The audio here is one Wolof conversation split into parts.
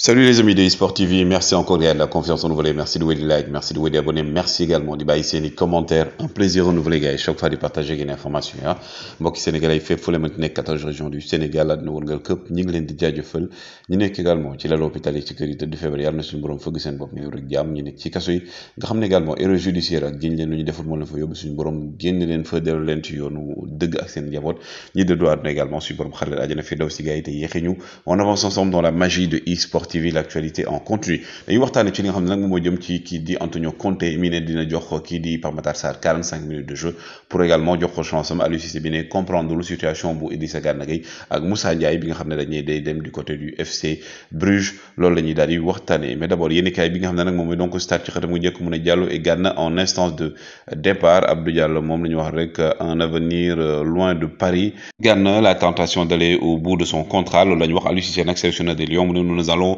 Salut les amis de e-Sport TV, merci encore de la confiance nous renouvelée, merci de vous like, merci de vous abonner, merci également de baisser les commentaires, un plaisir vous renouvelé gars, chaque fois de partager une information. Hein. Moi qui Sénégal il fait full maintenant 14 régions du Sénégal la dina wërgal këpp ñi ngi leen di jaajëfal ñi nekk également ci lal hôpital yi ci kër yi tëdd feebar yàlla na suñu borom fëgg seen bopp ñu wër ak jàmm ñi nekk ci kaso yi nga xam également erreur judiciaire ak génn leen lu ñu deful moo leen fa yóbbu suñu borom génn leen fa dellu leen ci yoonu dëgg ak seen njaboot ñi dëddu àdduna également suñu borom xarale àjjana fi daw si gars yi te on avance ensemble dans la magie de e-Sport Sport TV l'actualité en continu dañuy waxtaane ci li nga xam nak nag jëm ci ki di Antonio Conte mi dina jox ki di Pape Sar 45 minutes de jeu pour également jox chance am Aliou Cissé bi comprendre la situation bu Idrissa Gana Gueye ak Moussa Ndiaye bi nga xam dañ dañuy day dem du côté du FC Bruges loolu la ñuy daal di mais d'abord, abord yéeni bi nga xam nak nag donc stade ci xatam nga njëkk Diallo et Gana en instance de départ Abdou Diallo mom la wax rek un avenir euh, loin de Paris Gana la tentation d'aller au bout de son contrat loolu la wax Aliou Cissé sélectionneur des Lions nous allons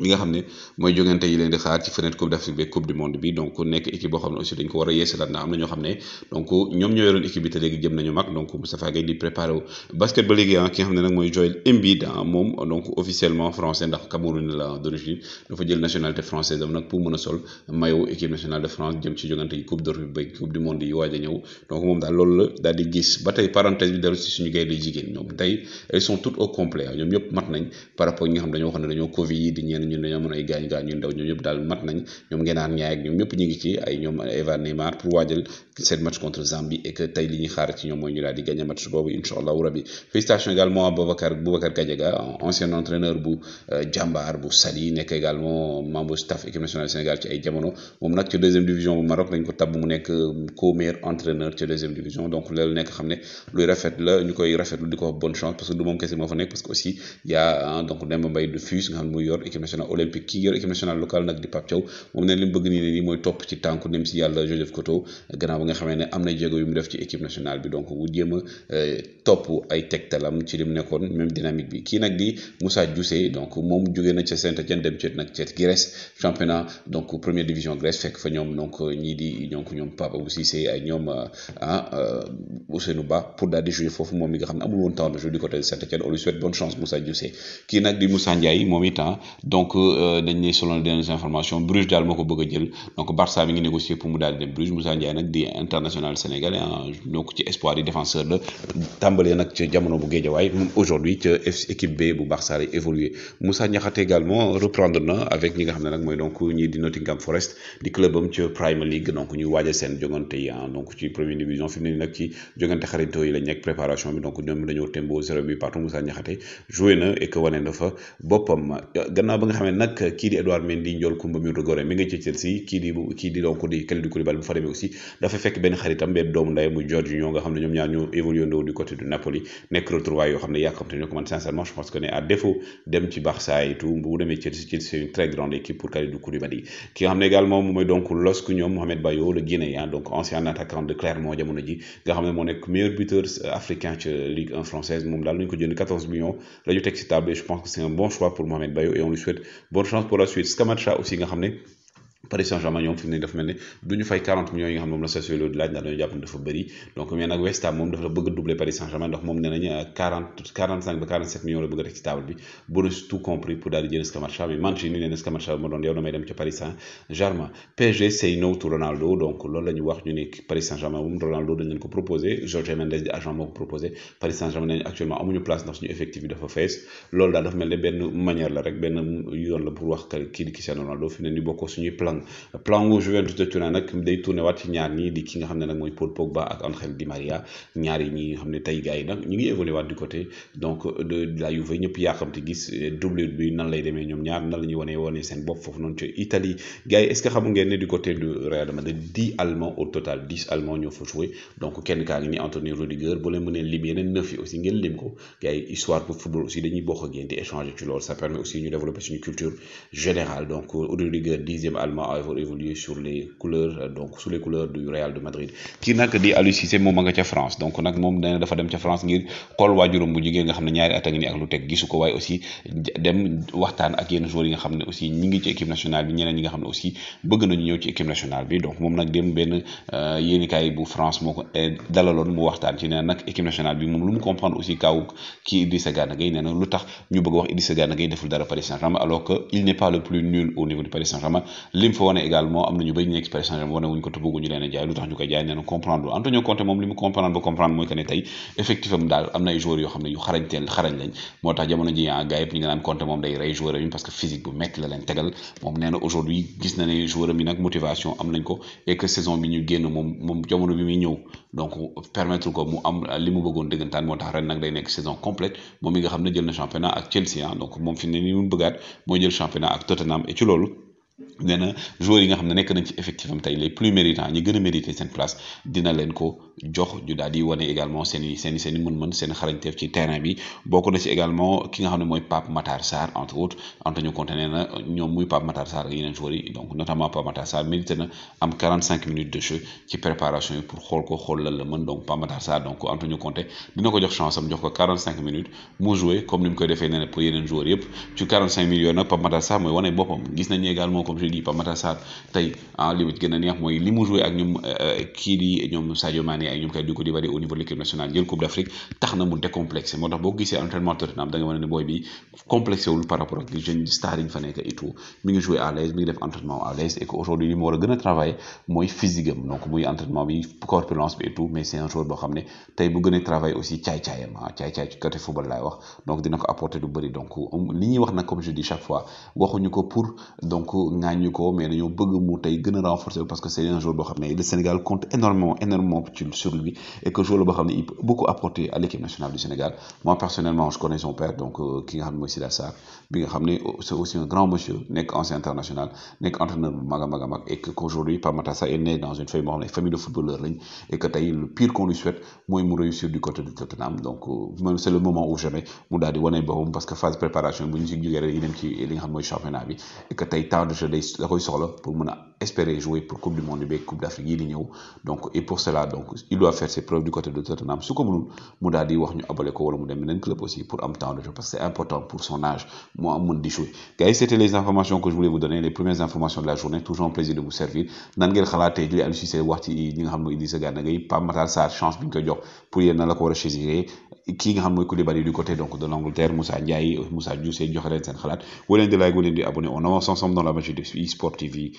li nga xamné moy mooy jogante yi leen di xaar ci fenêtre coupe d'Afrique bi coupe du monde bi donc nek équipe bo xamné aussi dañ ko wara a yeesalaat na am na ñoo xam donc ñom ñoo yoroon équipe bi té légui jëm nañu mak donc Moustapha Gueye di préparé wu basket ba léegi ah, ki nga xam ne nag mooy Joel Embiid ah, moom donc officiellement français ndax Cameroun la d'origine dafa jël nationalité française am nak pour mëna sol maillot équipe nationale de France jëm ci jogante yi coupe d'Afrique bi coupe du monde yi waja ñew donc mom daal loolu la daal di gis ba tay parenthèse bi dellu ci suñu gaynde jigen ñom tay elles sont toutes au complet ah, ñom ñëpp mat nañ par rapport ñi nga xam dañu xam ne dañoo Covid yi di ñeen ñun dañoo mën ay gaañu gaañu ndaw ñoom ñëpp dal mat nañ ñoom ngeenaan ñaay ak ñoom ñëpp ñu ngi ci ay ñoom Eva Neymar pour waajal seen match contre Zambie et que tay li ñuy xaar ci ñoom mooy ñu daal di gagné match bobu inshallah allahu rabi félicitations également à Boubacar Boubacar Gadiaga ancien entraîneur bu euh, Jambar bu Sali nek également membre staff équipe nationale Sénégal ci ay jamono mom nak ci deuxième division bu Maroc lañ ko tab mu nek euh, co-meilleur entraîneur ci deuxième division donc loolu nek xamné luy rafet la ñukoy koy rafetlu di bonne chance parce que du mom kese mo fa nek parce que aussi y a hein, donc Demba Mbaye Dufus nga xam ne yor équipe national olympique ki yor équipe nationale locale nak di Pape Thiaw moom ne lim bëgg ni ni moy top ci tanku nem ci yalla Joseph Koto gannaaw ba nga xamé né amna na jéego yu mu def ci équipe nationale bi donc bu jéem euh, top ay tegtalam ci lim mu même dynamique bi ki nak di Moussa Diousé donc mom jógee na ci Saint-Étienne dem ci nak ca Grèce championnat donc première division Grèce fek fa ñom donc euh, ñi di donc ñom Pape Abou Cissé ay ñoom euh, ah Ousseynou Ba pour d'aller di jouer fofu mom mi nga xamné amul won temps de jouer du côté de Saint-Étienne on lui souhaite bonne chance Moussa Djoussé. ki nak di Moussa Ndiaye moom itam ah, donc euh, dañ ne selon les dernières informations Bruges daal moo bëgg jël donc Barça mi ngi négocier pour mu daal dem Bruges Moussa Ndiaye nak di international sénégalais hein. donc ci espoir yi défenseur la tambalé nak ci jamono bu Guédiawaye moom aujourd'hui ci équipe B bu Barça lay évoluer Moussa Niakhaté également reprendre na avec ñi nga xamné nak moy donc ñi di Nottingham Forest di club am ci Premier League donc ñu wajé sen jogante yi hein. donc ci première division fi nak ne nii nag ci jogante xaritoo yi la ñek préparation bi donc ñom dañu tembo zéro bi partout Moussa Niakhaté joué na et que wane na fa bopam. gannaaw nga xam nak nag di Edouard Mendy njool Kumba Mouta Goré mi nga ci Chelsea kii di di donc di Kalidou Koulibaly bu fa demee aussi fa fekk ben xaritam benn doomu nday mu ño nga xamné ñom ñoom ñaar ñoo du côté du Napoli nek retrouvailles yoo xam ne yàkkamte ñoo ko man sincèrement je pense que né à défaut dem ci Barça et tout bu démé Chelsea Chelsea c'est une très grande équipe pour Kalidou Koulibaly ki nga xamné également moom mooy donc LOSC ñom Mohamed Bayo le Guinéen donc ancien attaquant de Clermont jamono ji nga xamné mo nek meilleur buteur euh, africain ci Ligue 1 française mom dal ñu ko jënd 14 millions la ñu teg ci table je pense que c'est un bon choix pour Mohamed Bayo et on lui souhaite bonne chance pour la suite Skamatcha aussi nga Paris Saint-Germain ñoom fi mu ne dafa mel ne fay 40 millions yi nga xam ne moom la Sassou Lo di laaj ndax dañoo jàpp dafa bëri donc mais nag West Ham moom dafa bëgg doubler Paris Saint-Germain ndax moom nee 40 45 euh, ba 47 millions la bëgg a ci table bi bonus tout compris pour daal di jël Scamacca bi Mancini nee na Scamacca bi ma doon yow damay dem ci Paris Saint-Germain PSG say no to Ronaldo donc loolu la ñu wax ñu ne Paris Saint-Germain moom Ronaldo dañ leen ko proposé Jorge Mendes di agent moo ko proposé Paris Saint-Germain nee actuellement amuñu place ndax suñu effectif bi dafa fees loolu daal dafa mel ne benn manière la rek benn yoon la pour wax kii di Cristiano Ronaldo fi ne ni bokkoo suñuy place plan plan wu Juventus de Turin nak day tourner wat ñaar ni di ki nga xam nak moy Paul Pogba ak Angel Di Maria ñaar yi ñi nga xam ne ngi évolué wat du côté donc de la Juve ñëpp yaakamte gis eh, double bi nan lay démé ñom ñaar nan la wone sen bop fofu non ci Italie gaay est ce que xam ngeen ne du côté du Real Madrid dix Allemands au total dix Allemands ñoo fa jouer donc kenn kaa ngi ni Anthony Rudiger bu le mënee lib yeneen neuf yi aussi ngeen lim ko gaay histoire pour football aussi dañuy bokk ak yéen di échanger ci lool ça permet aussi ñu développer suñu culture générale donc Rudiger dixième Allemand également avoir évolué sur les couleurs euh, donc sous les couleurs du Real de Madrid kii nak di Aliou Cissé mom nga ca France donc nak mom nee dafa dem ca France ngir xol wajurum bu jigéen nga xamné ñaari at a ngi ak lu tek gisu ko waaye aussi dem waxtaan ak yenn joueurs yi nga xamné aussi ñi ngi ci équipe nationale bi ñeneen yi nga xamné aussi bëgg nañu ñëw ci équipe nationale bi donc mom nak dem ben euh, yéenikaay bu France moko eh, dalalon mu waxtaan ci né nak équipe nationale bi mom lu mu comprendre aussi kaw ki Idrissa Gana Gueye nee lutax ñu bëgg wax Idrissa Gana Gueye deful dara Paris Saint-Germain alors que il n'est pas le plus nul au niveau du Paris Saint-Germain lim fa wane également am na ñu bëri ñu nekk Paris saint wuñ ko tubu guñu leena jaay lutax ñu koy jaay nee na comprendre Antonio Conte mom limu comprendre ba comprendre moy que tay tey effectif am dal am na ay joueurs yoo xam ne yu xarañ lañ motax jamono ji ah gars yëpp ñu ngi naan Conte mom day ray joueur am parce que physique bu mekk la leen tegal mom nee aujourd'hui gis na né joueur am nak motivation am nañ ko et que saison bi ñu génn mom mom jamono bi mi ñëw donc permettre ko mu am limu mu bëggoon dëggantaan moo ren nak day nekk saison complète mom mi nga xam jël na championnat ak Chelsea ah donc mom fi ne ni mu bëggaat mooy jël championnat ak Tottenham et ci lolu nee na joueurs yi nga xam ne nekk nañ ci effectif tey les plus méritants ñi gën a mérité seen place dina leen ko jox ñu daal di wane également seen i seen seen i mën-mën seen xarañteef ci terrain bi bokk na ci également ki nga xam ne mooy Pape Matar Sarr entre autres Antonio Conte nee na ñoom muy Pape Matar Sarr yeneen joueurs yi donc notamment Pape Matar Sarr mérité na am 45 minutes de jeu ci préparation yi pour xool ko xool lan la mën donc Pape Matar Sarr donc Antonio Conte dina ko jox chance am jox ko 45 minutes mu jouer comme ni mu koy defee nee na pour yeneen joueurs yëpp ci 45 minutes yooyu nag Pape Matar Sarr mooy wane boppam gis nañu également comme je dis Pape Matar Sarr tey ah mooy li mu joué ak ñoom eh, kii di ñoom Sadio ak ñoom kay du ko di bari au niveau de l'équipe nationale jël coupe d'Afrique tax na mu décomplexé moo tax boo gisee entraînement Tottenham da nga mën ne booy bi complexé par rapport ak jeune star fa nekk et tout ngi joué à l'aise mi ngi def entraînement à l'aise et aujourd'hui li war a gën a travailler mooy physique am muy entraînement bi corpulence ko mais dañu bëgg mu tay gëna renforcer parce que c'est un joueur bo le Sénégal compte énormément énormément sur lui et que joueur bo xamné beaucoup apporter à l'équipe nationale du Sénégal moi personnellement je connais son père donc euh, ki nga xamné c'est aussi un grand monsieur un ancien international un entraîneur maga Magamagamak. et que qu'aujourd'hui Pamata est né dans une famille de footballeurs et que tay le pire qu'on lui souhaite moy mu réussir du côté de Tottenham donc euh, c'est le moment où jamais mu daal di parce que phase préparation il ci si jógee rek dem ci li nga championnat et que tay temps de day la koy soxla pour mën a espérer jouer pour coupe du monde bi coupe d'Afrique yi di ñëw donc et pour cela donc il doit faire ses preuves du côté de Tottenham su ko mënul mu daal di wax ñu abale ko wala mu dem beneen club aussi pour am temps de jeu parce que c'est important pour son âge moo am mën di jouer gars yi c'était les informations que je voulais vous donner les premières informations de la journée toujours un plaisir de vous servir nan ngeen xalaatee jëlee Aliou Cissé wax ci ñi nga xam ne Idrissa Gana Gueye Pape Matar chance bi ñu ko jox pour yéen nan la ko war a saisir ki nga xam mooy du côté de l'Angleterre Moussa Moussa on dans la de Sport TV